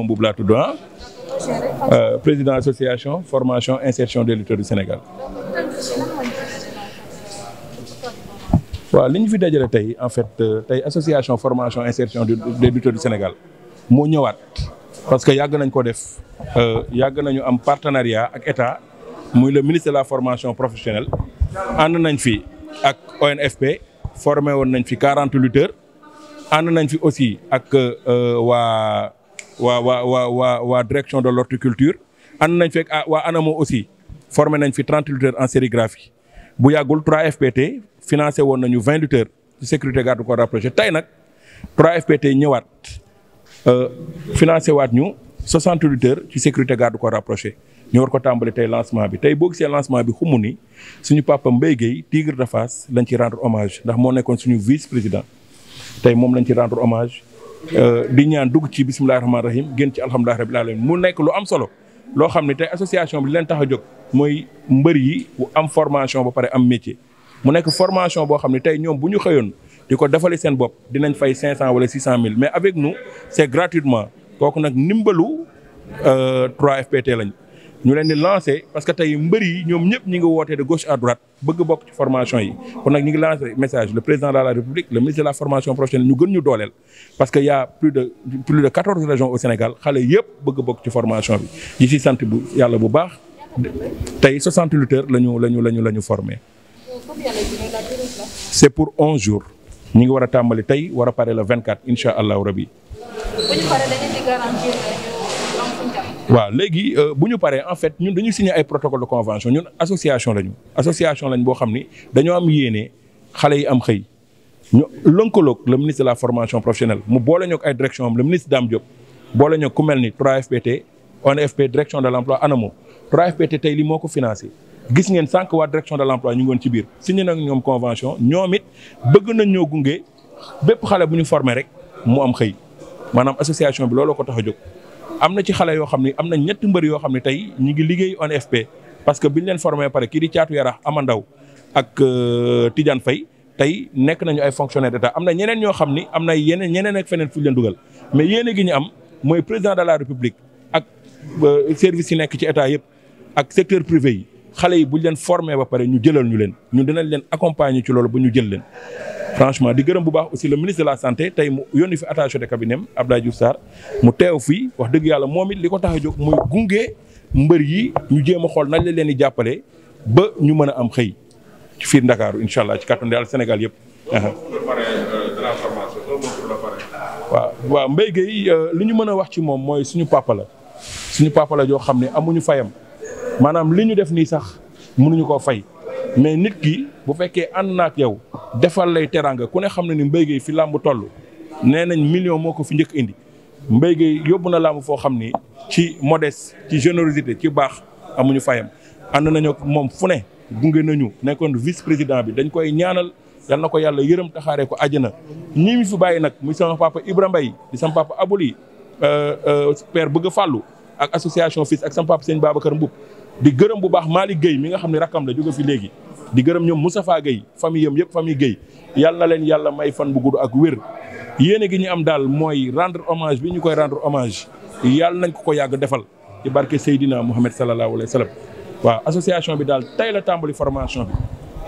moom boobu laa tudd ah. Euh, président association formation insertion des lutteurs du Sénégal. waaw li ñu fi dajale tey en fait euh, tey association formation insertion des lutteurs du Sénégal moo ñëwaat parce que yàgg nañ ko def euh, yàgg nañu am partenariat ak état muy le ministre la formation professionnelle ànd nañ fi ak ONFP formé woon nañ fi quarante lutteurs nañ fi aussi ak waa. waa waa waa waa waa direction de l'horticulture ànd nañ fekk ah, waa ANAMO aussi formé nañ fi trente lutteurs en sérigraphie bu yàggul 3FPT financé woon nañu vingt lutteurs ci sécurité garde corps rapproché tey nag 3FPT ñëwaat euh, financé waat ñu soixante lutteurs ci sécurité garde corps rapproché ñu war ko tàmbali tey lancement bi tey boo gisee lancement bi xumu ni suñu papa Mbaye Guèye Tigre de Fass lañ ci rendre hommage ndax moo nekkoon suñu vice président tey moom lañ ci rendre hommage Euh, di ñaan dugg ci bisimilah rahmaani rahim génn ci alhamdulilah rabil alamin mu nekk lu am solo loo xam ne tey association bi leen tax a jóg mooy mbër yi am formation ba pare am métier. mu nekk formation boo xam ne tey ñoom bu ñu xëyoon di ko defale seen bopp dinañ fay cinq 500 wala cent mille mais avec nous c'est gratuitement kooku nag ndimbalu 3FPT euh, lañ. ñu leen di lancé parce que tey mbër yi ñoom ñëpp ñu ngi wootee de gauche à droite bëgg bokk ci formation yi kon nag ñu ngi lancé message le président de la république le ministre de la formation professionnelle ñu gën ñu dooleel parce que y a plus de plus de quatorze régions au Sénégal xale yëpp bëgg bokk ci formation bi ñi ci sant bu yàlla bu baax tey soixante lutteurs la ñu la ñu la ñu la ñu formé c'est pour onze jours ñi ngi war a tàmbali tey war a pare le vingt quatre incha allahu rabi waaw léegi euh, bu ñu paree en fait ñun dañu signé ay protocole de convention ñun association lañu association lañ boo xam ni dañoo am yéene xale yi am xëy ñu lëkkaloog le ministre la formation professionnelle mu boole ñoo ay direction am le ministre Dame Diop boole ñoo ku mel ni 3FPT ONFP direction de l' emploi ANAMO 3FPT tey li moo ko financé gis ngeen sànq waa direction de l' emploi ñu ngi woon ci biir signé nag ñoom convention ñoom it bëgg nañ gunge bépp xale bu ñu formé rek mu am xëy maanaam association bi looloo ko tax a jóg am na ci xale yoo xam ne am na ñetti mbër yoo xam ne tey ñu ngi liggéey ONFP parce que biñ leen formé pare kii di caatu yara yarax amandaw ak euh, Tidiane Faye tey nekk nañu ay fonctionnaire d'état am na ñeneen ñoo xam ni am na yeneen ñeneen ak feneen fu leen dugal mais yéene gi ñu am mooy président de la république ak euh, service yi nekk ci état yëpp ak secteur privé yi xale yi buñ leen formé ba pare ñu jëlal ñu leen ñun dinañ leen accompagner ci loolu ba ñu jël leen franchement di gërëm bu baax aussi le ministre de la santé tey mu yónni fi attaché de cabinet am Abdoulaye Diouf Sarr mu teew fii wax dëgg yàlla moom it li ko tax jóg muy gunge mbër yi ñu jéem a xool nañ la leen di jàppale ba ñu mën a am xëy fii fiir Ndakaaru incha allah ci kàttanu Yàlla Sénégal yëpp. waaw waaw Mbaye Gueye euh, li ñu mën a wax ci moom mooy suñu papa la suñu papa la joo xam ne amuñu fayam maanaam li ñu def nii sax mënuñu koo fay mais nit ki bu fekkee ànd na yow. defal lay teraanga ku ne xam na ni mbay Gueye fi làmb toll nee nañ million moo ko fi njëkk indi mbay Gueye yóbbu na làmb foo xam ni ci modeste ci générosité ci baax amuñu fayam ànd nañu moom fu ne gunge nañu nekkoon vice président bi dañ koy ñaanal yal na ko yàlla yërëm taxaaree ko àjjana ñi mi fi bàyyi nag mu sama papa Ibra Mbaye di sama papa Abouli euh, euh, père bëgg fàllu ak association fils ak sama papa sëñ Babacar Mboup di gërëm bu baax Malick Gueye mi nga xam ne rakkam la jóge fi léegi di gërëm ñoom Moustapha Guèye famille yam yëpp famille Guèye yàlla na leen yàlla may fan bu gudd ak wér yéene gi ñu am daal mooy rendre hommage bi ñu koy rendre hommage yàlla nañ ko ko yàgg defal ci barke Seydina Mouhamed sallallahu alayhi wa sallam waaw association bi daal tey la tàmbali formation bi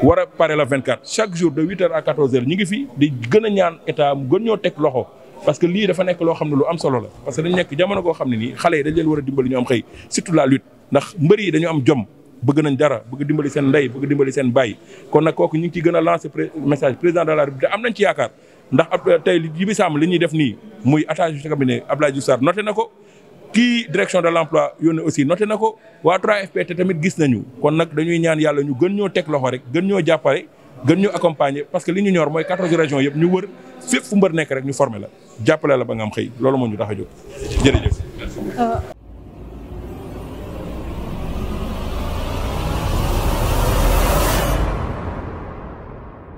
war a pare la 24 chaque jour de 8h à 14h ñu ngi fi di gën ñaan état mu gën ñoo teg loxo parce que lii dafa nekk loo xam ne lu am solo la parce que dañ nekk jamono goo xam ne nii xale yi dañ leen war a dimbali ñu la lutte ndax mbër yi dañu am jom bëgg nañ dara bëgg dimbali seen ndey bëgg dimbali seen bàyyi kon nag kooku ñu ngi ciy gën a lancer message président de la République am nañ ci yaakaar ndax ab tey Djiby Samb li ñuy def nii muy attaché ci cabinet Abdoulaye Diouf Sarr na ko kii direction de l' emploi yónnee aussi note na ko waa 3FPT tamit gis nañu kon nag dañuy ñaan yàlla ñu gën ñoo teg loxo rek gën ñoo jàppale gën ñu accompagner parce que li ñu ñor mooy quatorze régions yëpp ñu wër fépp rek ñu former la jàppale la ba am xëy loolu moo ñu tax a jóg